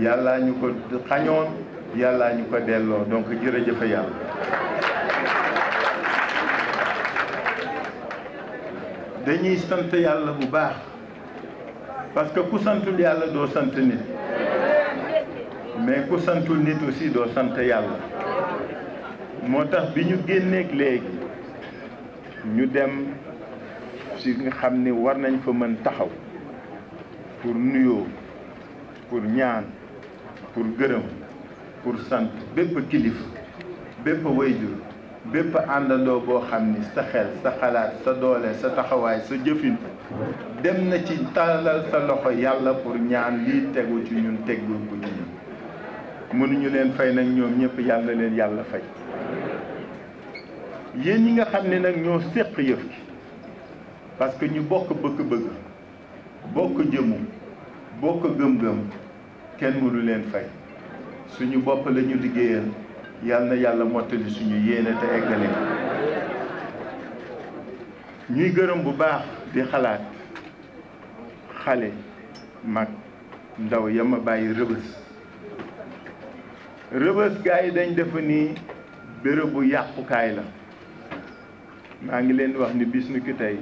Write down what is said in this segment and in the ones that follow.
Yalla ñu ko xañoon yalla ñu donc je yàlla dañuy sant yàlla bu baax parce que ku santul yàlla doo sant mais ku santul nit aussi doo sant yàlla moo tax bi léegi ñu dem Si nga xam war nañ fa taxaw pour nuyoo pour ñaan pour gërëm pour sant bépp kilifa bépp wayjur bépp àndandoo boo xam ni sa xel sa xalaat sa doole sa taxawaay sa jëfin dem na ci tàllal sa loxo yàlla pour ñaan lii tegu ci ñun teggul ko ci ñun mënuñu leen fay nag ñoom ñëpp yàlla leen yàlla fay yéen ñi nga xam ne nag ñoo séq yëf gi parce que ñu bokk bëgg-bëgg bokk jëmu bokk gëm-gëm kenn mënu leen fay suñu bopp lañu ñu liggéeyal yal na yàlla mottali suñu yéene te eggale ñuy gërëm bu baax di xalaat xale mag ndaw yama bàyyi rëbës rëbës gaa yi dañ defa ni bërëbu yàqukaay la maa ngi leen wax ni bis ni ki tey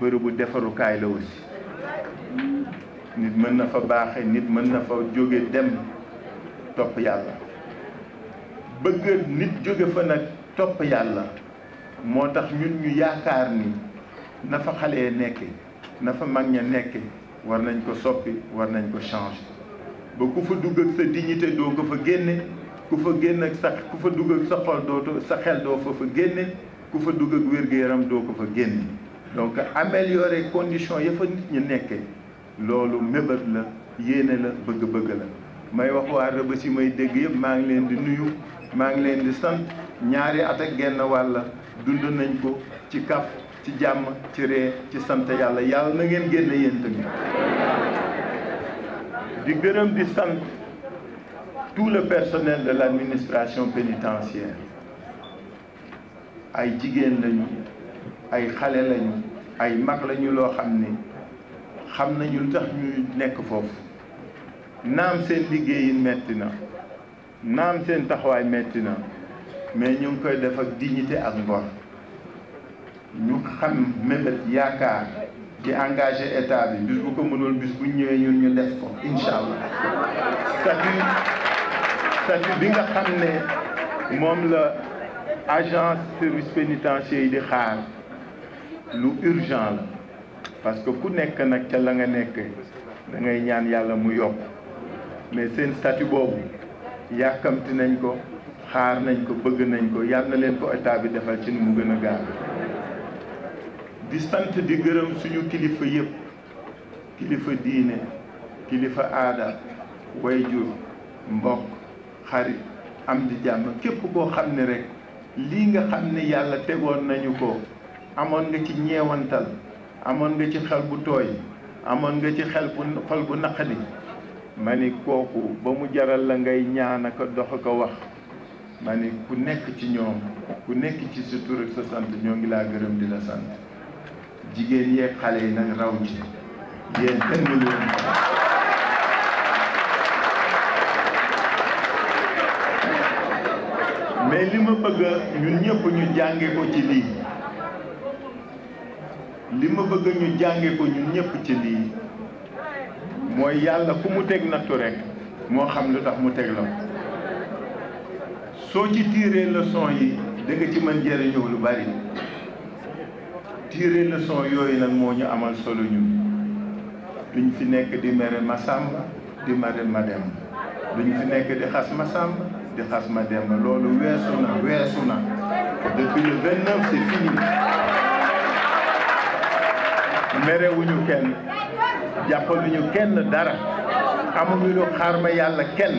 bërëbu defarukaay lawu aussi nit mën na fa baaxe nit mën na fa jóge dem topp yàlla bëgg nit jóge fa nag topp yàlla moo tax ñun ñu yaakaar ni na fa xale yi nekke na fa mag ña nekke war nañ ko soppi war nañ ko change ba ku fa dugg ak sa dignité doo ko fa génne ku fa génn ak sa ku fa dugg ak sa xol doo sa xel doo fa fa génne ku fa dugg ak wér-gu-yaram doo ko fa génne donc améliorer condition ya fa nit ñi nekkee loolu mébét la yene la bëgg-bëgg la may wax wa rebe ci may dégg yëpp maa ngi leen di nuyu maa ngi leen di sant ñaari at ak genn wàlla dund nañ ko ci kaf ci jàmm ci ree ci tout le personnel de l'administration pénitentiaire ay jigéen lañu ay xale lañu ay xam nañu lu tax ñu nekk foofu naam seen maintenant, metti na naam mais ñu koy def dignité ak ngor ñu xam mébét engagé état bi bis bu ko mënul bis bu ñëwee ñun ñu def la agence service pénitentiaire de xaar urgent parce que ku nekk nag ca la nga nekk da ngay ñaan yàlla mu yokk mais seen statut boobu yàkkamti nañ ko xaar nañ ko bëgg nañ ko yàlla na leen ko état bi defal ci nu mu gën a gaaw di sant di gërëm suñu kilifa yëpp kilifa diine kilifa aada wayjur mbokk xarit am di jàmm képp koo xam ne rekk lii nga xam ne yàlla tegoon nañu ko amoon nga ci ñeewantal amoon nga ci xel bu tooy amoon nga ci xel bu xol bu naqadi ma ni kooku ba mu jaral la ngay ñaan ak dox ko wax ma ku nekk ci ñoom ku nekk ci sa sa sant ñoo ngi laa gërëm di la sant jigéen yeeg xale yi nag raw ci yéen kenn leen mais li ma bëgg ñun ñëpp ñu jànge ko ci lii li ma bëgg ñu jànge ko ñun ñëpp ci lii mooy yàlla ku mu teg nattu rek moo xam lu tax mu teg la ko soo ci tiiree son yi da ci mën jëriñoo lu bari tiiree leçon yooyu nag moo ñu amal solo ñun duñ fi nekk di mere Masamba di mere Mademba duñ fi nekk di xas Masamba di xas Mademba loolu weesu na weesu na depuis le 29 c'est fini. merewuñu kenn jàppaluñu kenn dara amuñu lu xaar ma yàlla kenn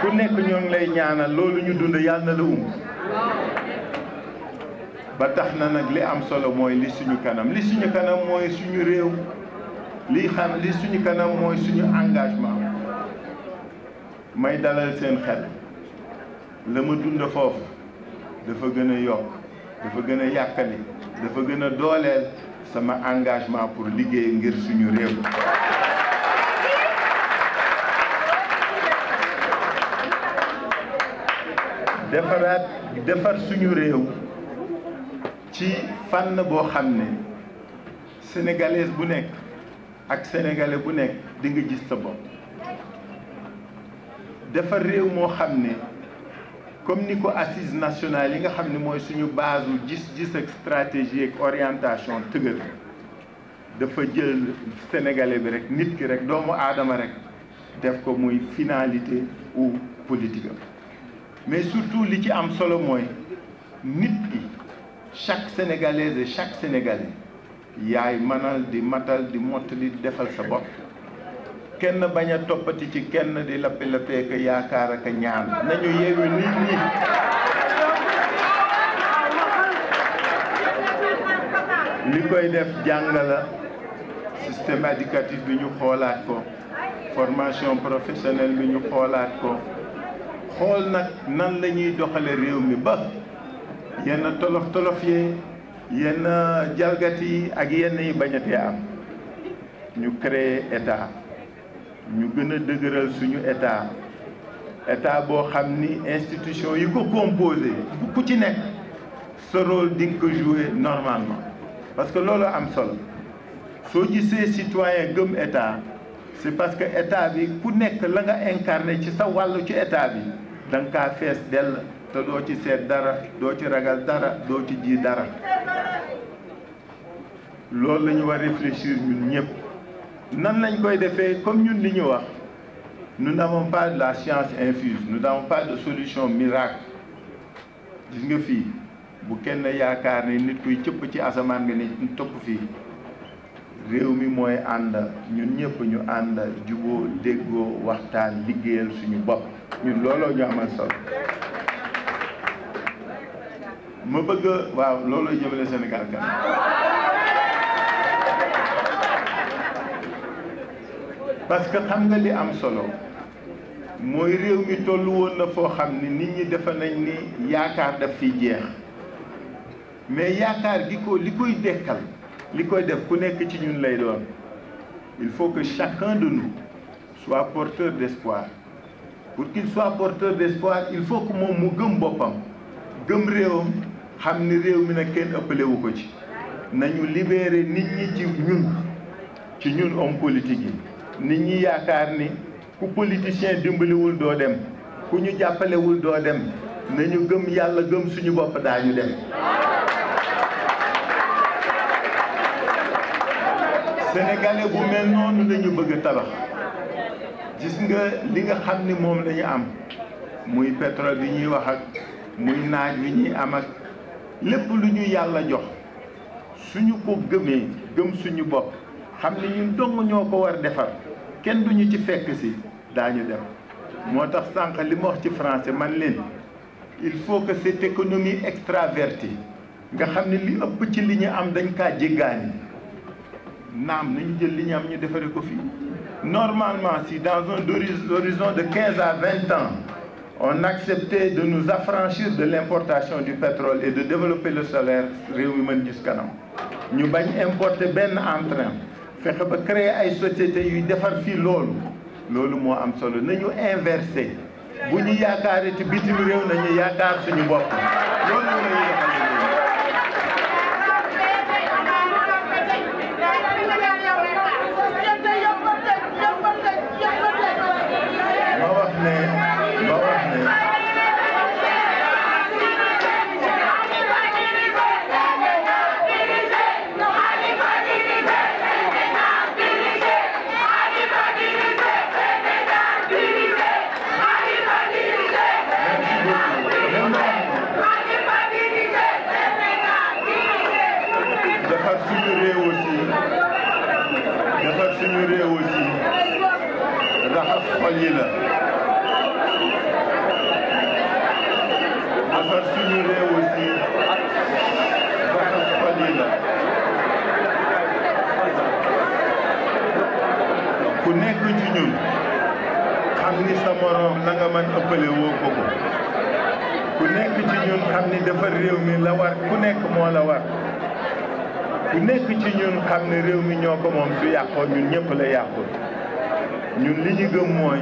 ku nekk ñoo ngi lay ñaanal loolu ñu dund yàlla na la um ba tax na nag li am solo mooy li suñu kanam li suñu kanam mooy suñu réew li xam li suñu kanam mooy suñu engagement may dalal seen xel la ma dund foofu dafa gën a yokk dafa gën a yàkkali dafa gën a dooleel sama engagement pour liggéey ngir suñu réew defaraat defar suñu réew ci fànn boo xam ne sénégalaise bu nekk ak sénégalais bu nekk di nga gis sa bopp defar réew moo xam ne comme ni assise nationale yi nga xam ne suñu base gis-gis ak stratégie ak orientation tëgër dafa jël sénégalais bi rek nit ki rek doomu aadama rek def ko muy finalité ou politique mais surtout li ci am solo mooy nit ki chaque sénégalaise et chaque sénégalais yaay manal di matal di mottali defal sa bopp kenn baña topati ci kenn di lappi lappé ke yaakar ak ñaan nañu yeewu nit ñi li koy def jangala système éducatif bi ñu xolaat ko formation professionnelle bi ñu xolaat ko xol nak nan lañuy doxale réew mi ba yenn tolof tolof ye yenn jalgati ak yenn yi bañatee am ñu créer état ñu gën a dëgëral suñu état état boo xam ni institution yi ko composé ku ci nekk sa rôle di ko jouer normalement parce que loolu am solo soo gisee citoyen gëm état c'est parce que état bi ku nekk la nga incarné ci sa wàllu ci état bi da nga kaa fees dell te doo ci seet dara doo ci ragal dara doo ci ji dara loolu la ñu réfléchir ñun ñëpp nan lañ koy defé comme ñun li ñu wax nous n'avons pas de la science infuse nous n'avons pas de solution miracle gis nga fi bu kenn yaakaar ne nit kuy cëpp ci asamaan nga ni top fi réew mi mooy ànd ñun ñëpp ñu ànd juboo déggoo waxtaan liggéeyal suñu bopp ñun looloo ñu amal solo ma bëgg waaw looloo jëmale Sénégal kan parce que xam nga li am solo mooy réew mi tollu woon na foo xam ni nit ñi defe nañ ni yaakaar daf fi jeex mais yaakaar gi ko li koy dekkal li koy def ku nekk ci ñun lay doon il faut que chacun de nous soit porteur d'espoir pour qu'il soit porteur d'espoir il faut que moom mu gëm boppam gëm réewam xam ni réew mi nag kenn ëppalewu ko ci nañu libérer nit ñi ci ñun ci ñun homme politique yi nit ñi yaakaar ni ku politicien dimbaliwul doo dem ku ñu jàppalewul doo dem nañu gëm yàlla gëm suñu bopp daañu dem sénégalais bu mel noonu lañu bëgg tabax gis nga li nga xam ni moom lañu am muy pétrole bi ñuy wax ak muy naaj bi ñuy am lépp lu ñu yàlla jox suñu ko gëmee gëm suñu bopp xamni ne ñun dong ñoo war défar kenn duñu ci fekk ci dañu dem motax sank li mo wax ci français man leen il faut que cette économie extravertie nga xamni li ëpp ci li ñu am dañ kaa jéggaani naam nañu jël li ñu am ñu normalement si dans un horizon de 15 à 20 ans on acceptait de nous affranchir de l'importation du pétrole et de développer le solaire réew mi mën gis kanam ñu bañ importer train. fexe ba créer ay sociétés yuy defar fii loolu loolu moo am solo nañu inversé bu ñu yaakaaree ci bitim réew nañu yaakaar suñu bopp loolu la ñuy ñi la yi la ku nekk ci ñun xam ni sa morom la nga ëppale woo ko ko ku nekk ci ñun xam ni defar réew mi la war ku nekk moo la war ku nekk ci ñun xam ni réew mi ñoo ko moom su yàqoo ñun ñëpp la yàqul ñun li gëm mooy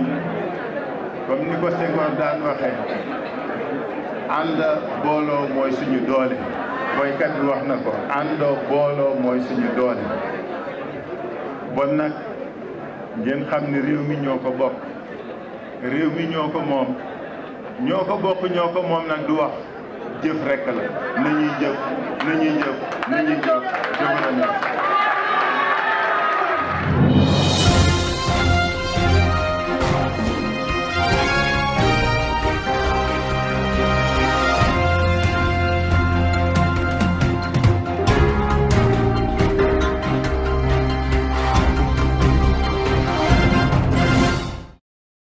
kon ni ko Senghor daan waxee ànd booloo mooy suñu doole boykat bi wax na ko àndoo booloo mooy suñu doole bon nag ngeen xam ni réew mi ñoo ko bokk réew mi ñoo ko moom ñoo ko bokk ñoo ko moom nag du wax jëf rekk la nañuy jëf nañuy jëf